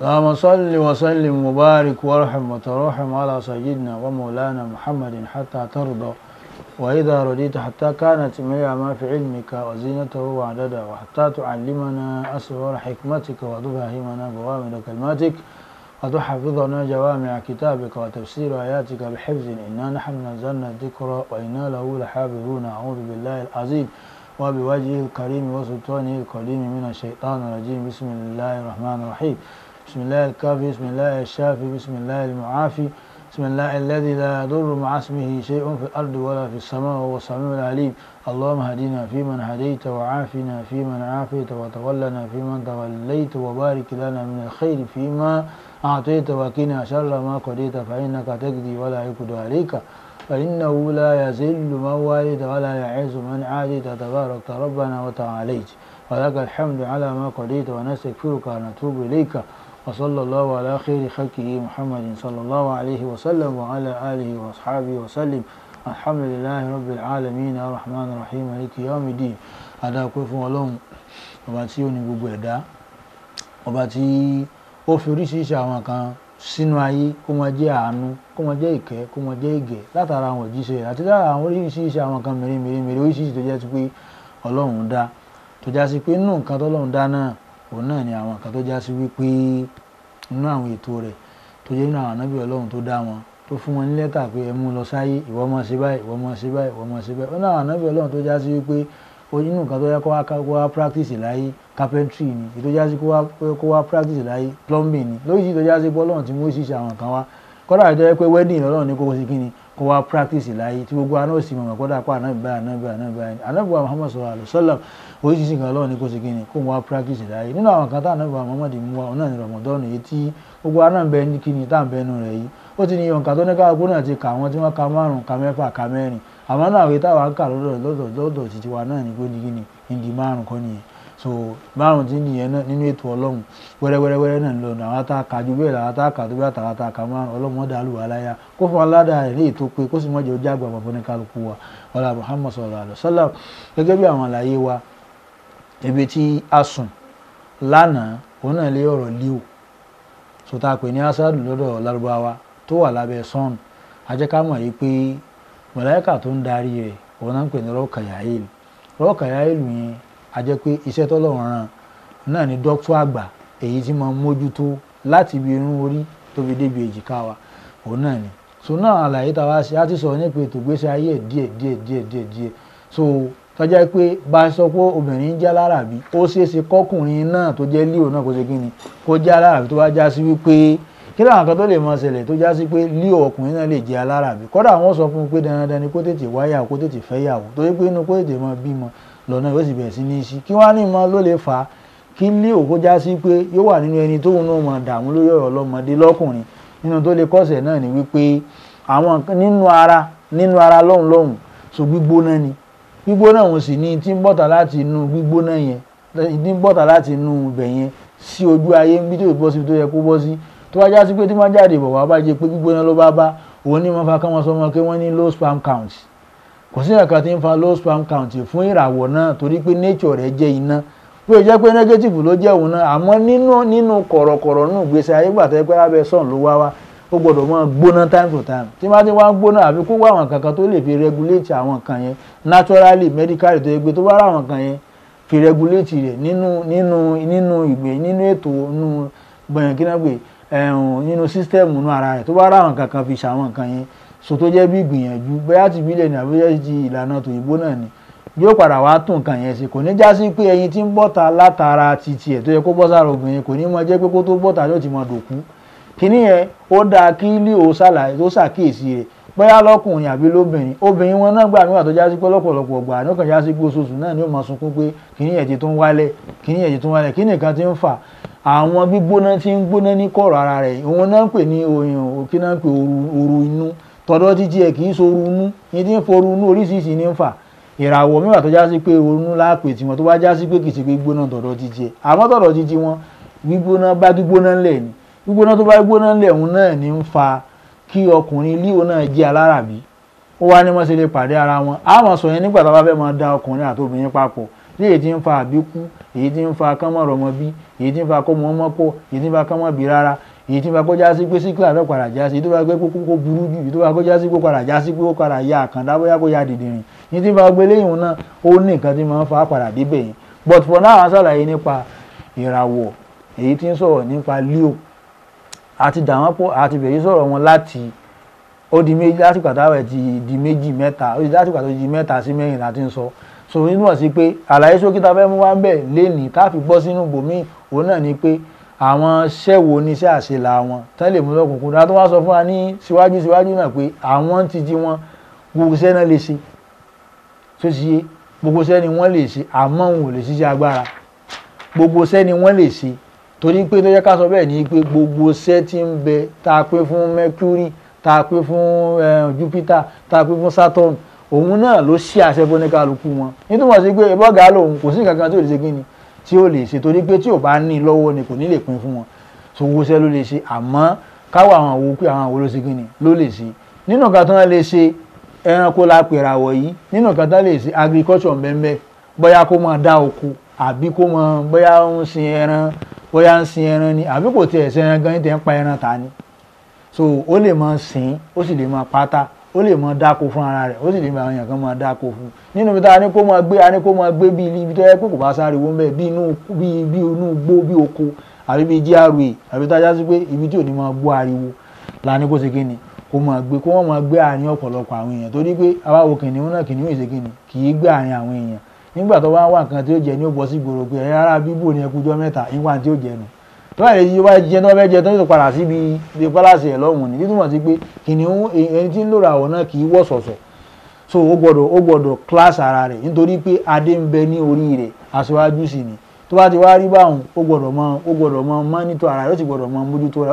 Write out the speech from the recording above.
اللهم صل وسلم وبارك وارحم وترحم على سيدنا ومولانا محمد حتى ترضى وإذا رضيت حتى كانت ميع ما في علمك وزينته وعدده وحتى تعلمنا أسرار حكمتك وتفهمنا بوامد كلماتك وتحفظنا جوامع كتابك وتفسير آياتك بحفظ إنا نحن نزلنا الذكر وإنا له لحافظون أعوذ بالله العظيم وبوجهه الكريم وسلطانه الكريم من الشيطان الرجيم بسم الله الرحمن الرحيم بسم الله الكافي بسم الله الشافي بسم الله المعافي بسم الله الذي لا يضر مع اسمه شيء في الأرض ولا في السماء وهو السميع العليم اللهم هدينا فيمن هديت وعافنا فيمن عافيت وتولنا فيمن توليت وبارك لنا من الخير فيما أعطيت وكنا شر ما قضيت فإنك تجدي ولا يقضى عليك فإنه لا يزل من والد ولا يعز من عاديت تبارك ربنا وتعاليت ولك الحمد على ما قضيت ونستغفرك ونتوب إليك وصلى الله على خير خلقه محمد صلى الله عليه وسلم وعلى آله وأصحابه وسلم الحمد لله رب العالمين الرحمن الرحيم مالك يوم الدين adáàpẹ́ fún ọlọ́run ọba tí ó ní gbogbo ẹ̀dá ọba tí ó fi oríṣiríṣi àwọn kan sínú ayé kó máa jẹ́ àánú kó máa jẹ́ ìkẹ́ kó máa jẹ́ ìgẹ̀ látara àwọn òjíṣẹ́ àti lára àwọn oríṣiríṣi àwọn kan mèremère mèremère oríṣiríṣi tó jẹ́ sí pé ọlọ́run dá tó já sí pé nínú nǹkan tọ́lọ́run dá náà òun náà ni àwọn kan tó já sí wípé nínú àwọn ètò rẹ̀ tó jẹ́ nínú àwọn ànábì ọlọ́run tó dá wọn tó fún wọn ní lẹ́tà pé ẹ mú lọ sáyé ìwọ máa ṣe báyìí ìwọ máa ṣe báyìí ìwọ máa ṣe báyìí nínú àwọn ànábì ọlọ́run tó já wípé onínú nǹkan tó yẹ kó wá practice láyé carpentry ni ètò já kó wá practice láyé plumbing ni lóyìí tó já sí pé ọlọ́run ti mú ìṣiṣẹ́ àwọn kan wá kọ́dà tó pé wedding ọlọ́run ní kókó sí kí kó wá practice láyé tí gbogbo aná òsì mọ̀mọ́ kọ́dà pa ànábì báyìí ànábì báyìí ànábì báyìí ànábì wa muhammad sallallahu alayhi wa sallam oríṣiríṣi nǹkan ọlọ́run ní kó ṣe kí ni kó wá practice láyé nínú àwọn kan tá ànábì wa muhammad mú wa ọ̀nà ní rọ̀mọ̀dọ́nù yìí tí gbogbo aná bẹ ní kí ni tá à ń bẹnu rẹ̀ yìí ó ti ní ọ̀nkà tó ní káàkó náà ti kà wọ́n tí wọ́n ka márùn-ún ka mẹ́fà ka mẹ́rin àmọ́ náà àwọn táwa ń kà lọ́dọ̀ lọ́dọ̀ lọ́dọ̀ títí wa náà ní kó ní ìdí márùn-ún kọ́ nìyẹn so márùn tí nìyẹn náà nínú ètò ọlọ́run wẹ́rẹ́wẹ́rẹ́wẹ́rẹ́ náà ń lọ nù àwọn tá a kà ju bẹ́ẹ̀ làwọn tá a kà tó bẹ́ẹ̀ àtàwọn tá a kà márùn ọlọ́run dá lù wá láyà kó fún aládà rẹ̀ ní ètò pé kó sì mọ̀jẹ̀ ojú àgbà bàbá ní kálukú wa ọlá Muhammad sallallahu alaihi wasallam gẹ́gẹ́ bí àwọn àlàyé wa ibi tí a sùn lánàá òun náà lé ọ̀rọ̀ líò so tá pè ní asadu lọ́dọ̀ Lárúbáwá tó wà lábẹ́ sọ́ọ̀nù ajẹ́kámọ̀ yìí pé màláíkà tó ń darí rẹ̀ òun náà ń pè ní rọ́ọ̀kàyáìlì rọ́ọ̀kàyáìlì yẹn a jẹ́ pé iṣẹ́ tọ́lọ́run rán náà ni dókítà àgbà èyí tí máa mójútó láti ibi irun orí tó fi débi èjìká wa òun náà ni so náà àlàyé tá a wá ṣe á ti sọ̀rọ̀ nípa ètò ìgbésí ayé díẹ̀ díẹ̀ díẹ̀ díẹ̀ díẹ̀ so tọ́jà pé bá a sọ pé obìnrin jẹ́ aláràbí ó ṣeé ṣe kọ́kùnrin náà tó jẹ́ líò náà kó ṣe kí ni kó jẹ́ aláràbí tó bá já sí wípé kí láwọn kan tó lè mọ ṣẹlẹ̀ tó já sí pé líò ọkùnrin náà lè jẹ́ aláràbí kódà wọ́n sọ fún un pé dandan ni kó tètè wáyà kó tètè fẹ́yàwó torí pé inú kó tètè mọ bímọ lọ́nà yóò sì bẹ̀rẹ̀ sí ní í sí kí wọ́n á ní ìmọ̀ ló lè fà á kí lé òkú já sí pé yóò wà nínú ẹni tóun náà mọ̀ dààmú lórí ọ̀rọ̀ ọlọ́mọdé lọ́kùnrin nínú tó lè kọ́sẹ̀ náà ni wípé àwọn nínú ara nínú ara lọ́hùn lọ́hùn so gbígbóná ni gbígbóná òun sì ni tí ń bọ̀tà láti inú gbígbóná yẹn tí ń bọ̀tà láti inú ibẹ̀ yẹn sí ojú ayé ń bí tó bọ́ yẹ kó bọ́ sí tó bá já sí pé tí wọ́n jáde bọ̀ wá bá jẹ pé gbígbóná ló bá bá òun ní wọn fa káwọn sọmọ wọ́n ní low sperm count kò sí ẹ̀ka tí ń fa low sperm count fún ìràwọ̀ náà torí pé nature rẹ̀ jẹ́ iná bó ṣe jẹ́ pé negative ló jẹ́ òun náà àmọ́ nínú nínú kọ̀rọ̀kọ̀rọ̀ nù gbèsè ayé tẹ́ pé abẹ́ sàn ló wá wá ó gbọ́dọ̀ máa gbóná time to time tí máa ti wá ń gbóná àfi kó wá àwọn kankan tó lè fi regulate àwọn kan yẹn naturally medically tó yẹ pé tó bá rà àwọn kan yẹn fi regulate rẹ̀ nínú nínú nínú ìgbé nínú ètò nínú gbọ̀nyàn kí náà pé nínú system nínú ara rẹ̀ tó bá rà àwọn kankan fi ṣàwọn kan yẹn so tó jẹ́ bí ìgbìyànjú bóyá ti ìbílẹ̀ ní àbújá ti ìlànà tòyìnbó náà ni yóò padà wá tún nǹkan yẹn ṣe kò ní já sí pé ẹyin tí ń bọ́ta látara ti tiẹ̀ tó yẹ kó bọ́ sára obìnrin kò ní mọ jẹ́ pé kó tó bọ́ta yóò ti mọ dòkú kínní yẹn ó dáa kí lè ó ṣàlàyé tó ṣàkíyèsí rẹ̀ bóyá lọ́kùnrin àbí lóbìnrin obìnrin wọn náà gbà nígbà tó já sí pé lọ́pọ̀lọpọ̀ ọgbà ní ọkàn já sí pé oṣooṣù náà ni ó máa sunkún pé kínní yẹn ti tún wálẹ̀ kínní yẹn ti tún wálẹ̀ kínní kan ti ń fà àwọn gbígbóná ti ń gbóná ní kọ̀rọ̀ ara rẹ̀ òun náà ń pè ní oyin òkè náà ń pè ooru inú tọ̀dọ̀ títí ẹ̀ kì í sorunú ní tí ń forunú oríṣiríṣi ní ń fà ìràwọ̀ mẹ́wàá tó já sí pé orunú láàpè tiwọn tó bá já sí pé kì ṣe pé gbóná tọ̀dọ̀ títí ẹ̀ àmọ́ tọ̀dọ̀ títí wọn gbígbóná bá gbígbóná ńlẹ̀ ni gbígbóná tó bá gbóná ńlẹ̀ òun náà ní ń fa kí ọkùnrin líò náà jẹ́ aláràbí ó wá ní wọ́n ṣe lè pàdé ara wọn a máa sọ yẹn nígbà tá a bá fẹ́ máa da ọkùnrin àti obìnrin papọ̀ ní èyí èyí tí ma kọjá sí pé síkìlà náà padà já sí èyí tó bá gbé kókó kó burú jù èyí tó bá kọjá sí pé padà já sí pé ó padà ya àkàndá bóyá kó ya dìde rìn èyí tí ma gbé léyìn náà ó ní nǹkan tí ma ń fa padà débẹ̀ yẹn but for now àṣàlàyé nípa ìràwọ̀ èyí tí ń sọ̀rọ̀ nípa leo àti dàwọn pọ̀ àti bẹ̀rẹ̀ sọ̀rọ̀ wọn láti ó di méjì láti pàtàkì rẹ̀ ti di méjì mẹ́ta ó di láti pàtàkì di mẹ́ta sí mẹ́rin láti ń sọ so nínú ọ̀sìn pé àlàyé sókítà fẹ́ mú wá ń bẹ̀ lénìí káfí bọ́ sínú bòmíì òun náà ni pé àwọn sẹ́wò oníṣẹ́ àṣelà wọn tán lè mú lọ́kùnkùn náà tó wá sọ fún wa ní síwájú síwájú náà pé àwọn ti di wọn gbogbo iṣẹ́ náà lè ṣe tó ti yé gbogbo iṣẹ́ ni wọ́n lè ṣe àmọ́ òun ò lè ṣiṣẹ́ agbára gbogbo iṣẹ́ ni wọ́n lè ṣe torí pé tó yẹ ká sọ bẹ́ẹ̀ ni pé gbogbo iṣẹ́ ti ń bẹ tá pé fún Mercury tá a pé fún eh, Jupiter tá a pé fún Saturn òun náà ló ṣí àṣẹ fún oníkàlùkù wọn nítorí wọn sì pé ìbọ̀gá lòun kò sí kankan tó lè ṣe kí ni tí ó lè ṣe torí pé tí ò bá ní lọ́wọ́ ni kò ní lè pín fún wọn so owó iṣẹ́ ló lè ṣe àmọ́ káwọ́ àwọn àwo pé àwọn àwo ló ṣe kíni ló lè ṣe nínú nǹkan tó ń lè ṣe ẹranko la pèrà wọ̀ yìí nínú nǹkan tó lè ṣe agriculture mbẹ́mbẹ́ bóyá kó máa dá oko àbí kó máa bóyá ń sin ẹran bóyá ń sin ẹran ni àbí kò tiẹ̀ sẹ́ran gan-an tẹ̀ ń pa ẹran ta so ó lè máa sìn ó sì lè máa pátá o lè mọ dáko fún ara rẹ̀ ó sì lè mọ àwọn èèyàn kan mọ dáko fún nínú ibi tá a ní kó máa gbé a ní kó máa gbé bí ibi tó yẹ pé kò bá sáré bii bẹ́ẹ̀ bí inú bí bí inú gbó bí oko àbí bí GRA àbí tá a já ibi tí ò ní máa ariwo la ní kó ṣe kí ni kó máa gbé kó wọ́n máa gbé àárín ọ̀pọ̀lọpọ̀ àwọn èèyàn torí pé abáwo kìnìún náà kìnìún ìṣe kí ni kì í gbé àárín àwọn èèyàn nígbà tó bá wà nǹkan tí ó jẹ ní ó ni ìwà tí ó jẹ tó bá yẹ wá jẹ tó bá fẹ́ jẹ tó ń padà síbi ibi pálásì ẹ̀ lọ́hùn ní títúmọ̀ sí pé kìnìún ẹni tí ń lò ràwọ̀ náà kì í wọ̀ sọ̀sọ̀ so ó gbọ́dọ̀ ó gbọ́dọ̀ class ara rẹ̀ nítorí pé adé ń bẹ ní orí rẹ̀ aṣáájú sì ni tó bá ti wá rí báwọn ó gbọ́dọ̀ mọ ó gbọ́dọ̀ mọ mọ́nítọ̀ ara rẹ̀ ó sì gbọ́dọ̀ mọ mójútó rẹ̀.